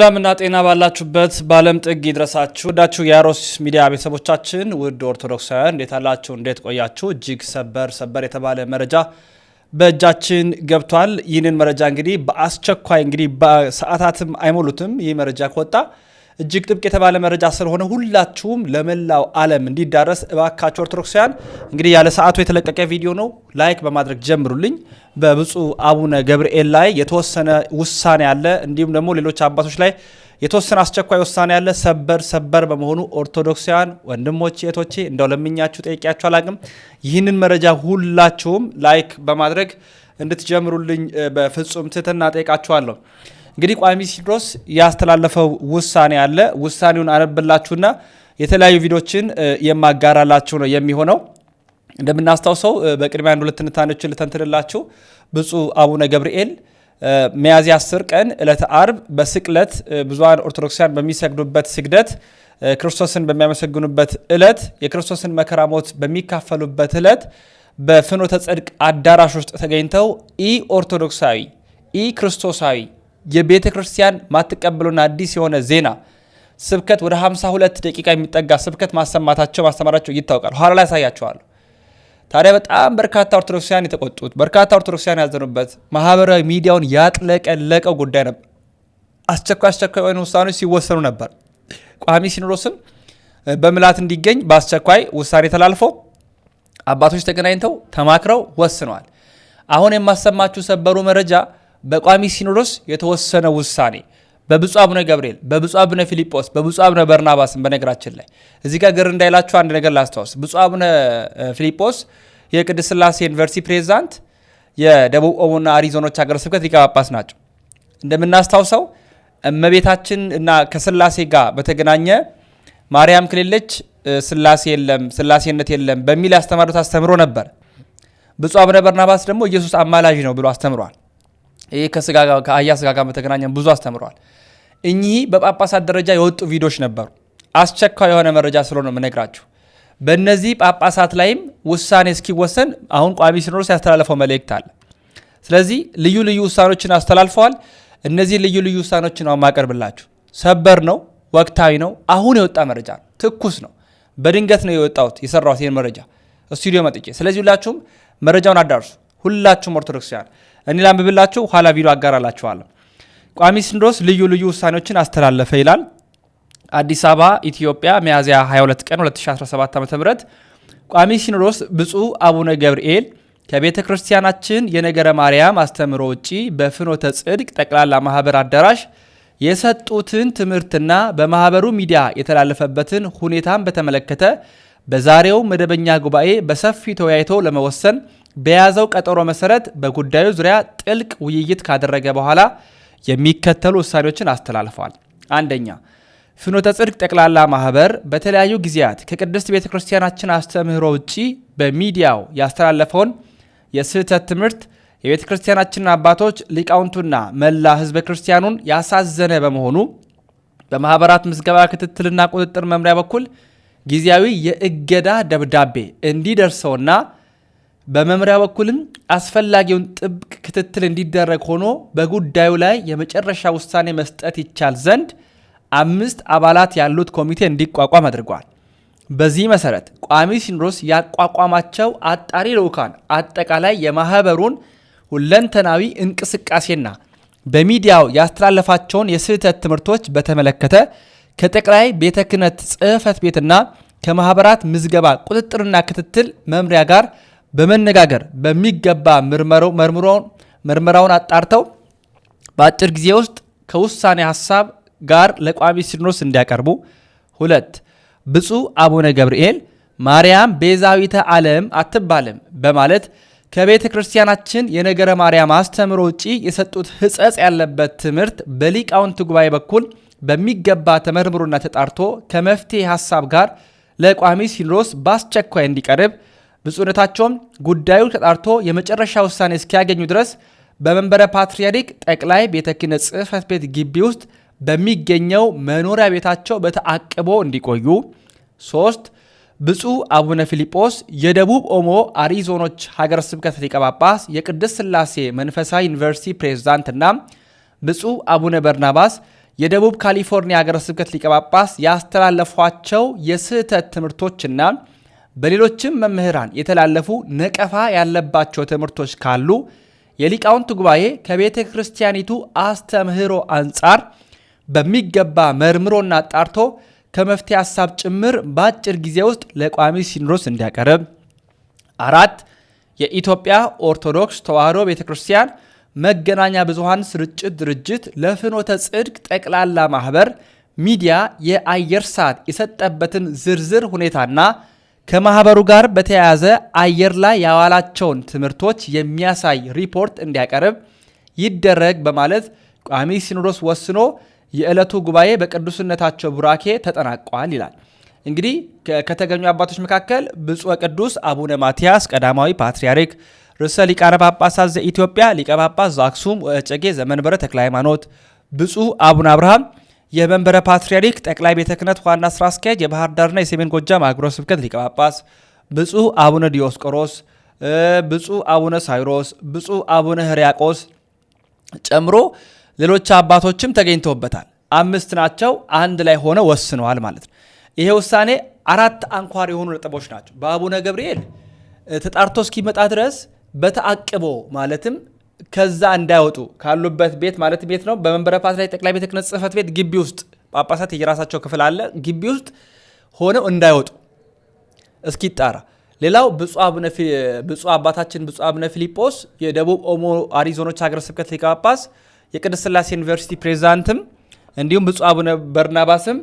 ሰላምና ጤና ባላችሁበት በዓለም ጥግ ይድረሳችሁ። ወዳችሁ የአሮስ ሚዲያ ቤተሰቦቻችን ውድ ኦርቶዶክሳውያን እንዴት አላችሁ? እንዴት ቆያችሁ? እጅግ ሰበር ሰበር የተባለ መረጃ በእጃችን ገብቷል። ይህንን መረጃ እንግዲህ በአስቸኳይ እንግዲህ ሰዓታትም አይሞሉትም ይህ መረጃ ከወጣ እጅግ ጥብቅ የተባለ መረጃ ስለሆነ ሁላችሁም ለመላው ዓለም እንዲዳረስ እባካችሁ ኦርቶዶክሳውያን፣ እንግዲህ ያለ ሰዓቱ የተለቀቀ ቪዲዮ ነው። ላይክ በማድረግ ጀምሩልኝ። በብፁዕ አቡነ ገብርኤል ላይ የተወሰነ ውሳኔ አለ፣ እንዲሁም ደግሞ ሌሎች አባቶች ላይ የተወሰነ አስቸኳይ ውሳኔ ያለ ሰበር ሰበር በመሆኑ ኦርቶዶክሳውያን ወንድሞቼ እህቶቼ እንደው ለምኛችሁ ጠይቄያችሁ አላቅም። ይህንን መረጃ ሁላችሁም ላይክ በማድረግ እንድትጀምሩልኝ በፍጹም ትህትና ጠይቃችኋለሁ። እንግዲህ ቋሚ ሲኖዶስ ያስተላለፈው ውሳኔ አለ። ውሳኔውን አነብላችሁና የተለያዩ ቪዲዮችን የማጋራላችሁ ነው የሚሆነው። እንደምናስታውሰው በቅድሚያ አንድ ሁለት ትንታኔዎችን ልተንትንላችሁ። ብፁዕ አቡነ ገብርኤል ሚያዝያ 10 ቀን ዕለተ አርብ በስቅለት ብዙሃን ኦርቶዶክሳውያን በሚሰግዱበት ስግደት ክርስቶስን በሚያመሰግኑበት ዕለት የክርስቶስን መከራ ሞት በሚካፈሉበት ዕለት በፍኖተ ጽድቅ አዳራሽ ውስጥ ተገኝተው ኢ ኦርቶዶክሳዊ ኢ ክርስቶሳዊ የቤተ ክርስቲያን ማትቀበሉና አዲስ የሆነ ዜና ስብከት ወደ 52 ደቂቃ የሚጠጋ ስብከት ማሰማታቸው ማስተማራቸው ይታወቃል። ኋላ ላይ ያሳያቸዋል። ታዲያ በጣም በርካታ ኦርቶዶክሳውያን የተቆጡት፣ በርካታ ኦርቶዶክሳውያን ያዘኑበት፣ ማህበራዊ ሚዲያውን ያጥለቀለቀው ጉዳይ ነበር። አስቸኳይ አስቸኳይ የሆኑ ውሳኔዎች ሲወሰኑ ነበር። ቋሚ ሲኖዶስም በምላት እንዲገኝ በአስቸኳይ ውሳኔ ተላልፎ አባቶች ተገናኝተው ተማክረው ወስነዋል። አሁን የማሰማችሁ ሰበሩ መረጃ በቋሚ ሲኖዶስ የተወሰነ ውሳኔ በብፁ አቡነ ገብርኤል፣ በብፁ አቡነ ፊልጶስ፣ በብፁ አቡነ በርናባስን በነገራችን ላይ እዚህ ጋር ግር እንዳይላችሁ አንድ ነገር ላስታውስ። ብፁ አቡነ ፊልጶስ የቅድስት ስላሴ ዩኒቨርሲቲ ፕሬዚዳንት፣ የደቡብ ኦሞና አሪዞኖች ሀገረ ስብከት ሊቀ ጳጳስ ናቸው። እንደምናስታውሰው እመቤታችን እና ከስላሴ ጋር በተገናኘ ማርያም ከሌለች ስላሴ የለም፣ ስላሴነት የለም በሚል ያስተማሩት አስተምሮ ነበር። ብፁ አቡነ በርናባስ ደግሞ ኢየሱስ አማላጅ ነው ብሎ አስተምሯል። ይህ ከአህያ ስጋ ጋር በተገናኘ ብዙ አስተምረዋል። እኚህ በጳጳሳት ደረጃ የወጡ ቪዲዮዎች ነበሩ። አስቸኳይ የሆነ መረጃ ስለሆነ የምነግራችሁ። በእነዚህ ጳጳሳት ላይም ውሳኔ እስኪወሰን አሁን ቋሚ ሲኖዶስ ያስተላለፈው መልእክት አለ። ስለዚህ ልዩ ልዩ ውሳኔዎችን አስተላልፈዋል። እነዚህ ልዩ ልዩ ውሳኔዎችን አሁን ማቀርብላችሁ ሰበር ነው፣ ወቅታዊ ነው። አሁን የወጣ መረጃ ነው፣ ትኩስ ነው። በድንገት ነው የወጣሁት የሰራሁት ይህን መረጃ ስቱዲዮ መጥቼ። ስለዚህ ሁላችሁም መረጃውን አዳርሱ። ሁላችሁም ኦርቶዶክሳውያን እኔ ላንብብላችሁ፣ ኋላ ቪዲዮ አጋራላችኋለሁ። ቋሚ ሲኖዶስ ልዩ ልዩ ውሳኔዎችን አስተላለፈ ይላል። አዲስ አበባ ኢትዮጵያ ሚያዝያ 22 ቀን 2017 ዓ ም ቋሚ ሲኖዶስ ብፁዕ አቡነ ገብርኤል ከቤተ ክርስቲያናችን የነገረ ማርያም አስተምሮ ውጪ በፍኖተ ጽድቅ ጠቅላላ ማህበር አዳራሽ የሰጡትን ትምህርትና በማህበሩ ሚዲያ የተላለፈበትን ሁኔታን በተመለከተ በዛሬው መደበኛ ጉባኤ በሰፊ ተወያይቶ ለመወሰን በያዘው ቀጠሮ መሰረት በጉዳዩ ዙሪያ ጥልቅ ውይይት ካደረገ በኋላ የሚከተሉ ውሳኔዎችን አስተላልፏል። አንደኛ ፍኖተ ጽድቅ ጠቅላላ ማህበር በተለያዩ ጊዜያት ከቅድስት ቤተ ክርስቲያናችን አስተምህሮ ውጪ በሚዲያው ያስተላለፈውን የስህተት ትምህርት የቤተ ክርስቲያናችንን አባቶች ሊቃውንቱና መላ ህዝበ ክርስቲያኑን ያሳዘነ በመሆኑ በማህበራት ምዝገባ ክትትልና ቁጥጥር መምሪያ በኩል ጊዜያዊ የእገዳ ደብዳቤ እንዲደርሰውና በመምሪያ በኩልም አስፈላጊውን ጥብቅ ክትትል እንዲደረግ ሆኖ በጉዳዩ ላይ የመጨረሻ ውሳኔ መስጠት ይቻል ዘንድ አምስት አባላት ያሉት ኮሚቴ እንዲቋቋም አድርጓል። በዚህ መሰረት ቋሚ ሲኖዶስ ያቋቋማቸው አጣሪ ልዑካን አጠቃላይ የማህበሩን ሁለንተናዊ እንቅስቃሴና በሚዲያው ያስተላለፋቸውን የስህተት ትምህርቶች በተመለከተ ከጠቅላይ ቤተ ክህነት ቤትና ከማኅበራት ምዝገባ ቁጥጥርና ክትትል መምሪያ ጋር በመነጋገር በሚገባ ምርመራውን አጣርተው በአጭር ጊዜ ውስጥ ከውሳኔ ሀሳብ ጋር ለቋሚ ሲኖዶስ እንዲያቀርቡ። ሁለት ብፁዕ አቡነ ገብርኤል ማርያም ቤዛዊተ ዓለም አትባልም በማለት ከቤተ ክርስቲያናችን የነገረ ማርያም አስተምሮ ውጪ የሰጡት ሕጸጽ ያለበት ትምህርት በሊቃውንት ጉባኤ በኩል በሚገባ ተመርምሮና ተጣርቶ ከመፍትሄ ሀሳብ ጋር ለቋሚ ሲኖዶስ በአስቸኳይ እንዲቀርብ ብፁዕነታቸውም ጉዳዩ ተጣርቶ የመጨረሻ ውሳኔ እስኪያገኙ ድረስ በመንበረ ፓትርያርክ ጠቅላይ ቤተ ክህነት ጽሕፈት ቤት ግቢ ውስጥ በሚገኘው መኖሪያ ቤታቸው በተአቅቦ እንዲቆዩ። ሶስት ብፁዕ አቡነ ፊልጶስ የደቡብ ኦሞ አሪዞኖች ሀገረ ስብከት ሊቀ ጳጳስ፣ የቅድስት ሥላሴ መንፈሳዊ ዩኒቨርሲቲ ፕሬዝዳንትና ብፁዕ አቡነ በርናባስ የደቡብ ካሊፎርኒያ ሀገረ ስብከት ሊቀ ጳጳስ ያስተላለፏቸው የስህተት ትምህርቶችና በሌሎችም መምህራን የተላለፉ ነቀፋ ያለባቸው ትምህርቶች ካሉ የሊቃውንት ጉባኤ ከቤተ ክርስቲያኒቱ አስተምህሮ አንጻር በሚገባ መርምሮና ጣርቶ ከመፍትሄ ሀሳብ ጭምር በአጭር ጊዜ ውስጥ ለቋሚ ሲኖዶስ እንዲያቀርብ። አራት የኢትዮጵያ ኦርቶዶክስ ተዋሕዶ ቤተ ክርስቲያን መገናኛ ብዙሃን ስርጭት ድርጅት ለፍኖተ ጽድቅ ጠቅላላ ማኅበር ሚዲያ የአየር ሰዓት የሰጠበትን ዝርዝር ሁኔታና ከማህበሩ ጋር በተያያዘ አየር ላይ ያዋላቸውን ትምህርቶች የሚያሳይ ሪፖርት እንዲያቀርብ ይደረግ በማለት ቋሚ ሲኖዶስ ወስኖ የዕለቱ ጉባኤ በቅዱስነታቸው ቡራኬ ተጠናቋል ይላል። እንግዲህ ከተገኙ አባቶች መካከል ብፁዕ ቅዱስ አቡነ ማትያስ ቀዳማዊ ፓትርያርክ ርዕሰ ሊቃነ ጳጳሳት ዘኢትዮጵያ ሊቀ ጳጳስ ዘአክሱም ወእጨጌ ዘመንበረ ተክለ ሃይማኖት፣ ብፁዕ አቡነ አብርሃም የመንበረ ፓትርያርክ ጠቅላይ ቤተ ክህነት ዋና ስራ አስኪያጅ የባህር ዳርና የሰሜን ጎጃም አህጉረ ስብከት ሊቀ ጳጳስ ብፁዕ አቡነ ዲዮስቆሮስ፣ ብፁዕ አቡነ ሳይሮስ፣ ብፁዕ አቡነ ህርያቆስ ጨምሮ ሌሎች አባቶችም ተገኝተውበታል። አምስት ናቸው። አንድ ላይ ሆነው ወስነዋል ማለት ነው። ይሄ ውሳኔ አራት አንኳር የሆኑ ነጥቦች ናቸው። በአቡነ ገብርኤል ተጣርቶ እስኪመጣ ድረስ በተአቅቦ ማለትም ከዛ እንዳይወጡ ካሉበት ቤት ማለት ቤት ነው። በመንበረ ፓትርያርክ ጠቅላይ ቤተ ክህነት ጽህፈት ቤት ግቢ ውስጥ ጳጳሳት የራሳቸው ክፍል አለ። ግቢ ውስጥ ሆነው እንዳይወጡ እስኪጣራ። ሌላው ብፁዕ አባታችን ብፁዕ አቡነ ፊሊጶስ የደቡብ ኦሞ አሪዞኖች ሀገረ ስብከት ሊቀ ጳጳስ የቅድስት ስላሴ ዩኒቨርሲቲ ፕሬዚዳንትም እንዲሁም ብፁዕ አቡነ በርናባስም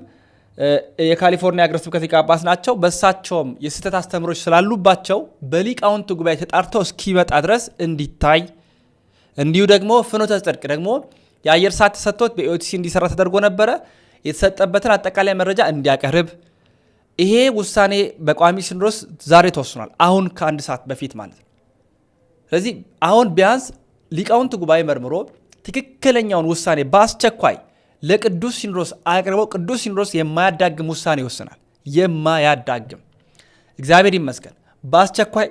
የካሊፎርኒያ ሀገረ ስብከት ሊቀ ጳጳስ ናቸው። በእሳቸውም የስህተት አስተምሮች ስላሉባቸው በሊቃውንት ጉባኤ ተጣርተው እስኪመጣ ድረስ እንዲታይ እንዲሁ ደግሞ ፍኖተ ጽድቅ ደግሞ የአየር ሰዓት ተሰጥቶት በኢኦቲሲ እንዲሰራ ተደርጎ ነበረ። የተሰጠበትን አጠቃላይ መረጃ እንዲያቀርብ ይሄ ውሳኔ በቋሚ ሲኖዶስ ዛሬ ተወስኗል። አሁን ከአንድ ሰዓት በፊት ማለት ነው። ስለዚህ አሁን ቢያንስ ሊቃውንት ጉባኤ መርምሮ ትክክለኛውን ውሳኔ በአስቸኳይ ለቅዱስ ሲኖዶስ አቅርበው ቅዱስ ሲኖዶስ የማያዳግም ውሳኔ ይወስናል። የማያዳግም እግዚአብሔር ይመስገን በአስቸኳይ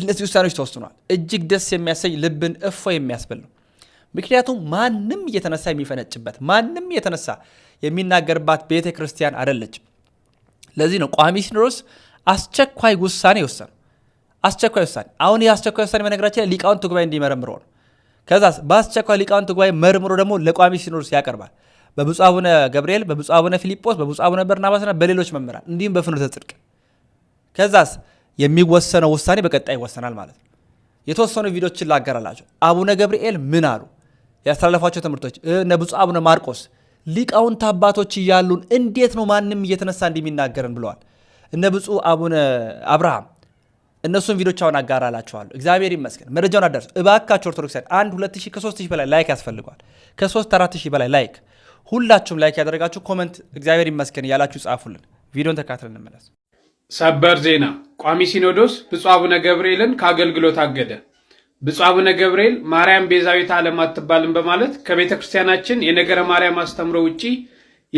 እነዚህ ውሳኔዎች ተወስኗል። እጅግ ደስ የሚያሰኝ ልብን እፎ የሚያስብል ነው። ምክንያቱም ማንም እየተነሳ የሚፈነጭበት ማንም እየተነሳ የሚናገርባት ቤተ ክርስቲያን አደለችም። ለዚህ ነው ቋሚ ሲኖዶስ አስቸኳይ ውሳኔ የወሰነው። አስቸኳይ ውሳኔ አሁን ይህ አስቸኳይ ውሳኔ በነገራችን ላይ ሊቃውንት ጉባኤ እንዲመረምረው ነው። ከዛ በአስቸኳይ ሊቃውንት ጉባኤ መርምሮ ደግሞ ለቋሚ ሲኖዶስ ያቀርባል። በብፁ አቡነ ገብርኤል፣ በብፁ አቡነ ፊሊጶስ፣ በብፁ አቡነ በርናባስና በሌሎች መምህራን እንዲሁም በፍኖተ ጽድቅ ከዛስ የሚወሰነው ውሳኔ በቀጣይ ይወሰናል ማለት ነው። የተወሰኑ ቪዲዮችን ላገራላቸው አቡነ ገብርኤል ምን አሉ? ያስተላለፏቸው ትምህርቶች እነ ብፁዕ አቡነ ማርቆስ ሊቃውንት አባቶች እያሉን እንዴት ነው ማንም እየተነሳ እንደሚናገርን ብለዋል። እነ ብፁዕ አቡነ አብርሃም እነሱን ቪዲዮች አሁን አጋራላቸዋለሁ። እግዚአብሔር ይመስገን መረጃውን አዳርሱ እባካችሁ። ኦርቶዶክሳውያን አንድ ሁለት ሺህ ከሶስት ሺህ በላይ ላይክ ያስፈልገዋል። ከሶስት አራት ሺህ በላይ ላይክ ሁላችሁም ላይክ ያደረጋችሁ ኮመንት እግዚአብሔር ይመስገን እያላችሁ ጻፉልን። ቪዲዮን ተካትለን እንመለስ። ሰበር ዜና ቋሚ ሲኖዶስ ብፁዕ አቡነ ገብርኤልን ከአገልግሎት አገደ። ብፁዕ አቡነ ገብርኤል ማርያም ቤዛዊት ዓለም አትባልም በማለት ከቤተ ክርስቲያናችን የነገረ ማርያም አስተምሮ ውጪ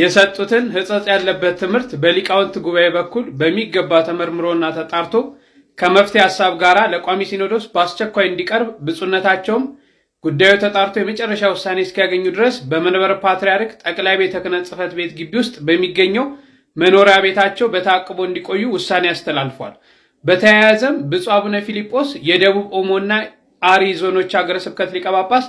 የሰጡትን ሕጸጽ ያለበት ትምህርት በሊቃውንት ጉባኤ በኩል በሚገባ ተመርምሮና ተጣርቶ ከመፍትሄ ሀሳብ ጋር ለቋሚ ሲኖዶስ በአስቸኳይ እንዲቀርብ ብፁዕነታቸውም ጉዳዩ ተጣርቶ የመጨረሻ ውሳኔ እስኪያገኙ ድረስ በመንበረ ፓትርያርክ ጠቅላይ ቤተ ክህነት ጽሕፈት ቤት ግቢ ውስጥ በሚገኘው መኖሪያ ቤታቸው በታቅቦ እንዲቆዩ ውሳኔ አስተላልፏል። በተያያዘም ብፁዕ አቡነ ፊልጶስ የደቡብ ኦሞና አሪ ዞኖች ሀገረ ስብከት ሊቀ ጳጳስ፣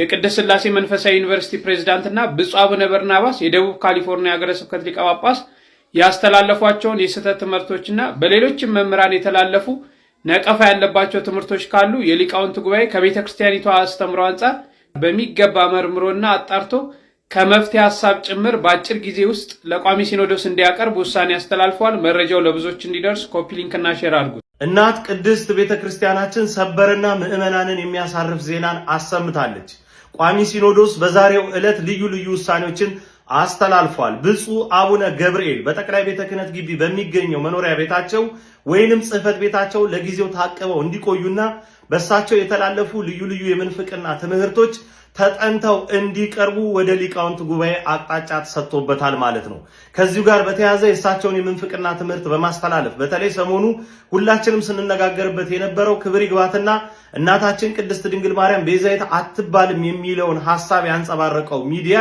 የቅድስት ስላሴ መንፈሳዊ ዩኒቨርሲቲ ፕሬዝዳንትና ብፁዕ አቡነ በርናባስ የደቡብ ካሊፎርኒያ ሀገረ ስብከት ሊቀ ጳጳስ ያስተላለፏቸውን የስህተት ትምህርቶችና በሌሎችም መምህራን የተላለፉ ነቀፋ ያለባቸው ትምህርቶች ካሉ የሊቃውንት ጉባኤ ከቤተ ክርስቲያኒቷ አስተምሮ አንጻር በሚገባ መርምሮና አጣርቶ ከመፍትሄ ሀሳብ ጭምር በአጭር ጊዜ ውስጥ ለቋሚ ሲኖዶስ እንዲያቀርብ ውሳኔ አስተላልፏል። መረጃው ለብዙዎች እንዲደርስ ኮፒ ሊንክና ሼር አድርጉት። እናት ቅድስት ቤተ ክርስቲያናችን ሰበርና ምዕመናንን የሚያሳርፍ ዜናን አሰምታለች። ቋሚ ሲኖዶስ በዛሬው ዕለት ልዩ ልዩ ውሳኔዎችን አስተላልፏል። ብፁዕ አቡነ ገብርኤል በጠቅላይ ቤተ ክህነት ግቢ በሚገኘው መኖሪያ ቤታቸው ወይንም ጽህፈት ቤታቸው ለጊዜው ታቅበው እንዲቆዩና በእሳቸው የተላለፉ ልዩ ልዩ የምንፍቅና ትምህርቶች ተጠንተው እንዲቀርቡ ወደ ሊቃውንት ጉባኤ አቅጣጫ ተሰጥቶበታል ማለት ነው። ከዚሁ ጋር በተያያዘ የእሳቸውን የምንፍቅና ትምህርት በማስተላለፍ በተለይ ሰሞኑ ሁላችንም ስንነጋገርበት የነበረው ክብር ይግባትና እናታችን ቅድስት ድንግል ማርያም ቤዛይት አትባልም የሚለውን ሀሳብ ያንጸባረቀው ሚዲያ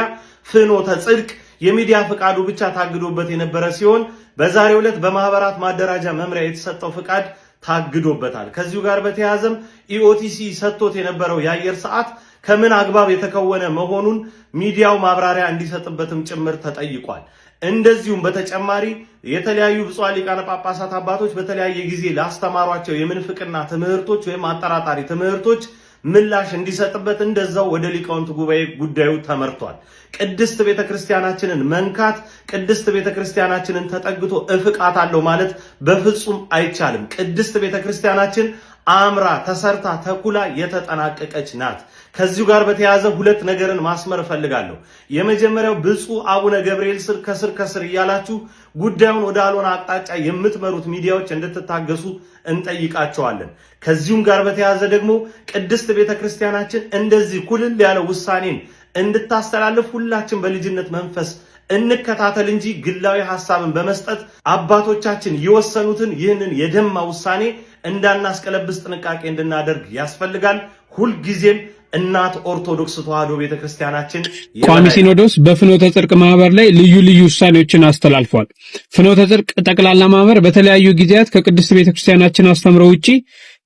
ፍኖተ ጽድቅ የሚዲያ ፍቃዱ ብቻ ታግዶበት የነበረ ሲሆን በዛሬው ዕለት በማህበራት ማደራጃ መምሪያ የተሰጠው ፍቃድ ታግዶበታል። ከዚሁ ጋር በተያያዘም ኢኦቲሲ ሰጥቶት የነበረው የአየር ሰዓት ከምን አግባብ የተከወነ መሆኑን ሚዲያው ማብራሪያ እንዲሰጥበትም ጭምር ተጠይቋል። እንደዚሁም በተጨማሪ የተለያዩ ብፁዓን ሊቃነ ጳጳሳት አባቶች በተለያየ ጊዜ ላስተማሯቸው የምንፍቅና ትምህርቶች ወይም አጠራጣሪ ትምህርቶች ምላሽ እንዲሰጥበት እንደዛው ወደ ሊቃውንት ጉባኤ ጉዳዩ ተመርቷል። ቅድስት ቤተክርስቲያናችንን መንካት፣ ቅድስት ቤተክርስቲያናችንን ተጠግቶ እፍቃት አለው ማለት በፍጹም አይቻልም። ቅድስት ክርስቲያናችን አምራ ተሰርታ ተኩላ የተጠናቀቀች ናት። ከዚሁ ጋር በተያያዘ ሁለት ነገርን ማስመር እፈልጋለሁ። የመጀመሪያው ብፁዕ አቡነ ገብርኤል ስር ከስር ከስር እያላችሁ ጉዳዩን ወደ አልሆነ አቅጣጫ የምትመሩት ሚዲያዎች እንድትታገሱ እንጠይቃቸዋለን። ከዚሁም ጋር በተያያዘ ደግሞ ቅድስት ቤተ ክርስቲያናችን እንደዚህ ኩልል ያለ ውሳኔን እንድታስተላልፍ ሁላችን በልጅነት መንፈስ እንከታተል እንጂ ግላዊ ሐሳብን በመስጠት አባቶቻችን የወሰኑትን ይህንን የደማ ውሳኔ እንዳናስቀለብስ ጥንቃቄ እንድናደርግ ያስፈልጋል። ሁልጊዜም እናት ኦርቶዶክስ ተዋሕዶ ቤተክርስቲያናችን ቋሚ ሲኖዶስ በፍኖተ ጽድቅ ማህበር ላይ ልዩ ልዩ ውሳኔዎችን አስተላልፏል። ፍኖተ ጽድቅ ጠቅላላ ማህበር በተለያዩ ጊዜያት ከቅድስት ቤተክርስቲያናችን አስተምሮ ውጪ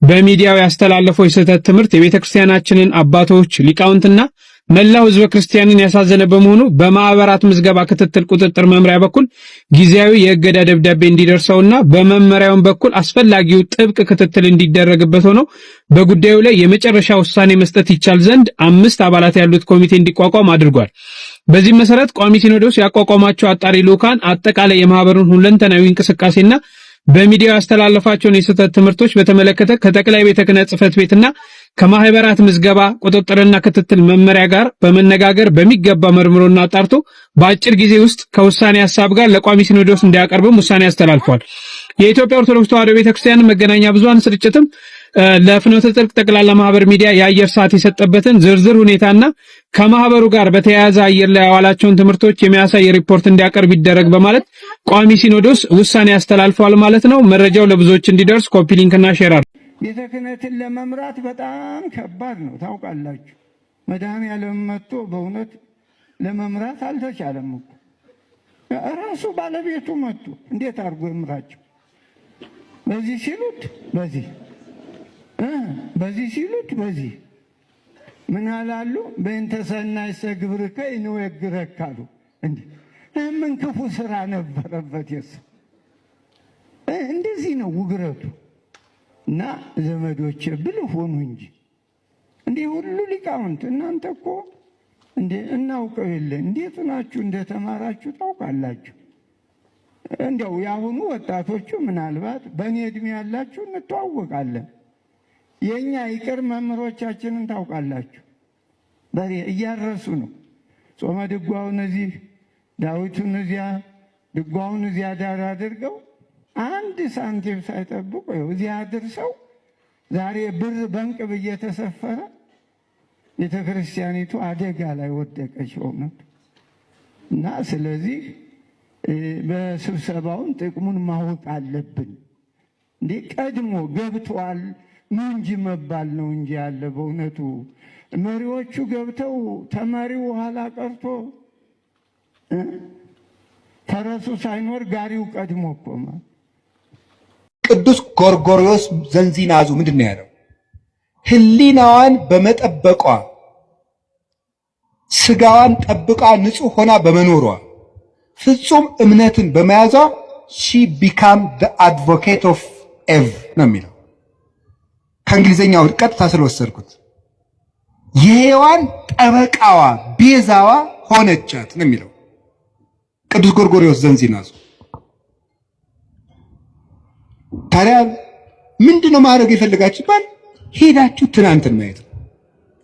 በሚዲያው ያስተላለፈው የስህተት ትምህርት የቤተክርስቲያናችንን አባቶች ሊቃውንትና መላው ህዝበ ክርስቲያንን ያሳዘነ በመሆኑ በማህበራት ምዝገባ ክትትል ቁጥጥር መምሪያ በኩል ጊዜያዊ የእገዳ ደብዳቤ እንዲደርሰውና በመመሪያውም በኩል አስፈላጊው ጥብቅ ክትትል እንዲደረግበት ሆኖ በጉዳዩ ላይ የመጨረሻ ውሳኔ መስጠት ይቻል ዘንድ አምስት አባላት ያሉት ኮሚቴ እንዲቋቋም አድርጓል። በዚህም መሰረት ቋሚ ሲኖዶስ ያቋቋማቸው አጣሪ ልኡካን አጠቃላይ የማህበሩን ሁለንተናዊ እንቅስቃሴና በሚዲያ ያስተላለፋቸውን የስህተት ትምህርቶች በተመለከተ ከጠቅላይ ቤተ ክህነት ጽሕፈት ቤትና ከማህበራት ምዝገባ ቁጥጥርና ክትትል መመሪያ ጋር በመነጋገር በሚገባ መርምሮና አጣርቶ በአጭር ጊዜ ውስጥ ከውሳኔ ሀሳብ ጋር ለቋሚ ሲኖዶስ እንዲያቀርብም ውሳኔ አስተላልፏል። የኢትዮጵያ ኦርቶዶክስ ተዋሕዶ ቤተክርስቲያን መገናኛ ብዙሃን ስርጭትም ለፍኖተ ጽድቅ ጠቅላላ ማህበር ሚዲያ የአየር ሰዓት የሰጠበትን ዝርዝር ሁኔታና ከማህበሩ ጋር በተያያዘ አየር ላይ ያዋላቸውን ትምህርቶች የሚያሳይ ሪፖርት እንዲያቀርብ ይደረግ በማለት ቋሚ ሲኖዶስ ውሳኔ ያስተላልፏል ማለት ነው። መረጃው ለብዙዎች እንዲደርስ ኮፒ ሊንክና ሼር አድርጉ። ቤተ ክህነትን ለመምራት በጣም ከባድ ነው ታውቃላችሁ። መድኃኔዓለም መጥቶ በእውነት ለመምራት አልተቻለም እኮ ራሱ ባለቤቱ መጡ። እንዴት አድርጎ ይምራቸው? በዚህ ሲሉት በዚህ በዚህ ሲሉት በዚህ ምን አላሉ? በእንተ ግብርከ ይንወግረካሉ እንዴ ምን ክፉ ስራ ነበረበት? የሱ እንደዚህ ነው ውግረቱ። እና ዘመዶች ብልህ ሆኑ እንጂ እንዲህ ሁሉ ሊቃውንት እናንተ እኮ እናውቀው የለ እንዴት ናችሁ? እንደተማራችሁ ታውቃላችሁ። እንዲያው የአሁኑ ወጣቶቹ ምናልባት በእኔ ዕድሜ ያላችሁ እንተዋወቃለን። የእኛ ይቅር መምህሮቻችንን ታውቃላችሁ። በሬ እያረሱ ነው ጾመ ድጓውን እዚህ ዳዊቱን እዚያ ድጓውን እዚያ ዳር አድርገው አንድ ሳንቲም ሳይጠብቁ እዚያ አድርሰው ዛሬ ብር በእንቅብ እየተሰፈረ ቤተ ክርስቲያኒቱ አደጋ ላይ ወደቀች። ሆነት እና ስለዚህ በስብሰባውን ጥቅሙን ማወቅ አለብን። እንዴ ቀድሞ ገብተዋል ኑ እንጂ መባል ነው እንጂ ያለ በእውነቱ መሪዎቹ ገብተው ተማሪው ኋላ ቀርቶ ፈረሱ ሳይኖር ጋሪው ቀድሞ ቆመ። ቅዱስ ጎርጎሪዎስ ዘንዚናዙ ምንድን ነው ያለው? ህሊናዋን በመጠበቋ ስጋዋን ጠብቃ ንጹህ ሆና በመኖሯ ፍጹም እምነትን በመያዟ ሺ ቢካም አድቮኬት ኦፍ ኤቭ ነው የሚለው። ከእንግሊዝኛው ቀጥታ ስለወሰድኩት የሔዋን ጠበቃዋ ቤዛዋ ሆነቻት ነው የሚለው። ቅዱስ ጎርጎሪዎስ ዘንዚናዙ። ታዲያ ምንድን ነው ማድረግ ይፈልጋችሁ ይባል ሄዳችሁ ትናንትን ማየት ነው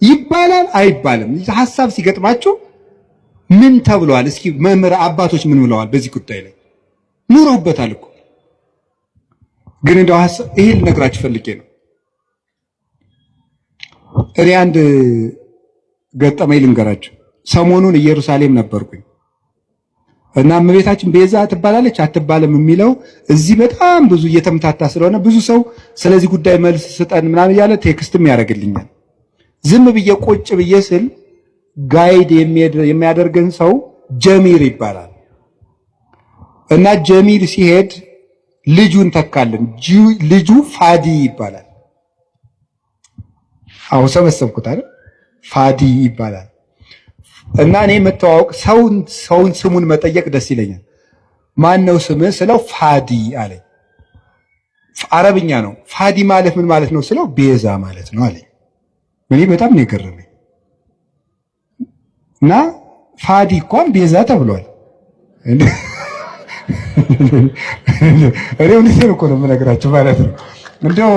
ይባላል አይባልም? ሀሳብ ሲገጥማችሁ ምን ተብለዋል? እስኪ መምህር አባቶች ምን ብለዋል? በዚህ ጉዳይ ላይ ኑረውበታል እኮ ግን እንደው ሀሳብ ይሄ ልነግራችሁ ፈልጌ ነው። እኔ አንድ ገጠመኝ ልንገራችሁ። ሰሞኑን ኢየሩሳሌም ነበርኩኝ። እና እመቤታችን ቤዛ ትባላለች አትባልም የሚለው እዚህ በጣም ብዙ እየተምታታ ስለሆነ ብዙ ሰው ስለዚህ ጉዳይ መልስ ስጠን ምናምን እያለ ቴክስትም ያደርግልኛል። ዝም ብዬ ቁጭ ብዬ ስል ጋይድ የሚያደርገን ሰው ጀሚል ይባላል እና ጀሚል ሲሄድ ልጁን ተካልን። ልጁ ፋዲ ይባላል። አሁን ሰበሰብኩት አይደል? ፋዲ ይባላል። እና እኔ የምተዋወቅ ሰውን ስሙን መጠየቅ ደስ ይለኛል። ማን ነው ስምህ ስለው ፋዲ አለኝ። አረብኛ ነው። ፋዲ ማለት ምን ማለት ነው ስለው ቤዛ ማለት ነው አለኝ። እኔ በጣም ነው የገረመኝ። እና ፋዲ እንኳን ቤዛ ተብሏል። እኔ እውነቴን እኮ ነው የምነግራቸው ማለት ነው። እንደው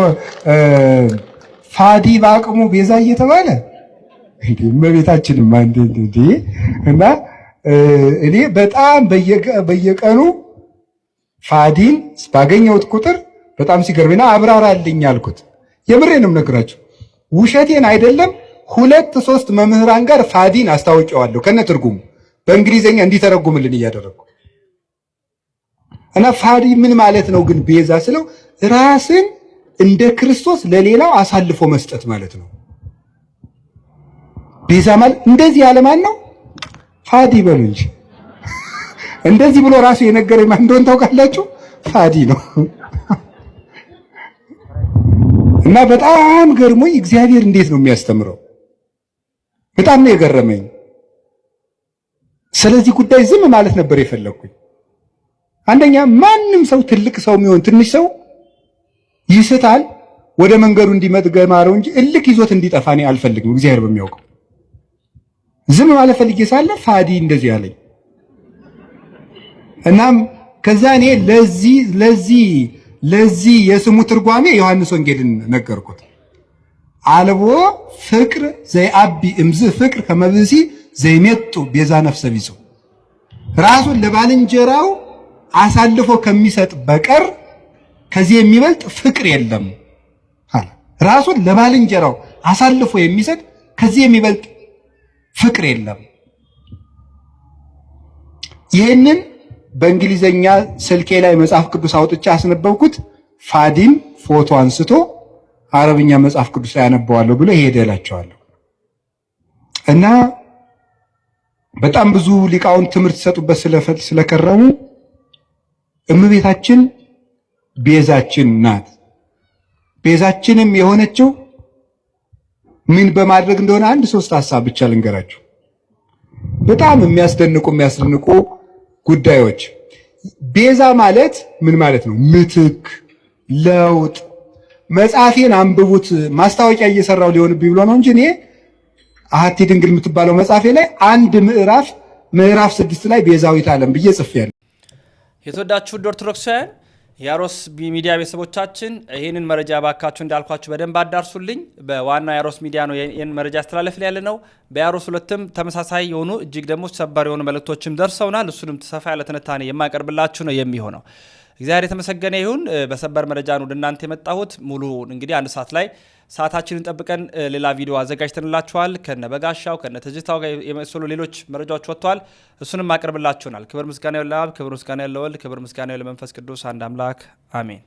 ፋዲ በአቅሙ ቤዛ እየተባለ እመቤታችንም አንድ እና እኔ በጣም በየቀኑ ፋዲን ባገኘሁት ቁጥር በጣም ሲገርምና አብራራልኝ አልኩት። የምሬንም ነግራችሁ ውሸቴን አይደለም። ሁለት ሶስት መምህራን ጋር ፋዲን አስታውቂዋለሁ ከነ ትርጉሙ በእንግሊዝኛ እንዲተረጉምልን እያደረግኩ እና ፋዲ ምን ማለት ነው ግን ቤዛ ስለው ራስን እንደ ክርስቶስ ለሌላው አሳልፎ መስጠት ማለት ነው። ቢሰማል እንደዚህ ያለ ማን ነው? ፋዲ በሉ እንጂ እንደዚህ ብሎ ራሱ የነገረኝ ማን እንደሆነ ታውቃላችሁ? ፋዲ ነው። እና በጣም ገርሞኝ እግዚአብሔር እንዴት ነው የሚያስተምረው? በጣም ነው የገረመኝ። ስለዚህ ጉዳይ ዝም ማለት ነበር የፈለግኩኝ። አንደኛ ማንም ሰው ትልቅ ሰው የሚሆን ትንሽ ሰው ይስታል፣ ወደ መንገዱ እንዲመጥ ገማረው እንጂ እልክ ይዞት እንዲጠፋ እኔ አልፈልግም። እግዚአብሔር በሚያውቀው ዝም ማለት ፈልጌ ሳለ ፋዲ እንደዚህ ያለኝ። እናም ከዛ እኔ ለዚህ ለዚህ ለዚህ የስሙ ትርጓሜ ዮሐንስ ወንጌልን ነገርኩት። አልቦ ፍቅር ዘይአቢ እምዝ ፍቅር ከመብሲ ዘይሜጡ ቤዛ ነፍሰ ቢጹ ራሱን ለባልንጀራው አሳልፎ ከሚሰጥ በቀር ከዚህ የሚበልጥ ፍቅር የለም። ራሱን ለባልንጀራው አሳልፎ የሚሰጥ ከዚህ የሚበልጥ ፍቅር የለም። ይህንን በእንግሊዘኛ ስልኬ ላይ መጽሐፍ ቅዱስ አውጥቼ አስነበብኩት። ፋዲም ፎቶ አንስቶ አረብኛ መጽሐፍ ቅዱስ ላይ አነበዋለሁ ብሎ ይሄድ እላቸዋለሁ። እና በጣም ብዙ ሊቃውንት ትምህርት ሲሰጡበት ስለከረሙ እመቤታችን ቤዛችን ናት። ቤዛችንም የሆነችው ምን በማድረግ እንደሆነ አንድ ሶስት ሀሳብ ብቻ ልንገራችሁ። በጣም የሚያስደንቁ የሚያስደንቁ ጉዳዮች። ቤዛ ማለት ምን ማለት ነው? ምትክ፣ ለውጥ። መጽሐፌን አንብቡት። ማስታወቂያ እየሰራው ሊሆንብኝ ብሎ ነው እንጂ እኔ አሐቲ ድንግል የምትባለው መጽሐፌ ላይ አንድ ምዕራፍ ምዕራፍ ስድስት ላይ ቤዛዊት ዓለም ብዬ ጽፌያለሁ። የተወዳችሁ ኦርቶዶክሳውያን ያሮስ ሚዲያ ቤተሰቦቻችን ይህንን መረጃ ባካችሁ እንዳልኳችሁ በደንብ አዳርሱልኝ። በዋና ያሮስ ሚዲያ ነው ይህን መረጃ ያስተላለፍ ያለ ነው። በያሮስ ሁለትም ተመሳሳይ የሆኑ እጅግ ደግሞ ሰበር የሆኑ መልእክቶችም ደርሰውናል። እሱንም ሰፋ ያለ ትንታኔ የማቀርብላችሁ ነው የሚሆነው። እግዚአብሔር የተመሰገነ ይሁን። በሰበር መረጃ ነው ወደ እናንተ የመጣሁት። ሙሉ እንግዲህ አንድ ሰዓት ላይ ሰዓታችንን ጠብቀን ሌላ ቪዲዮ አዘጋጅተንላችኋል። ከነ በጋሻው ከነ ትዝታው ጋር የመሰሉ ሌሎች መረጃዎች ወጥተዋል። እሱንም አቅርብላችሁናል። ክብር ምስጋና ለአብ፣ ክብር ምስጋና ለወልድ፣ ክብር ምስጋና ለመንፈስ ቅዱስ አንድ አምላክ አሜን።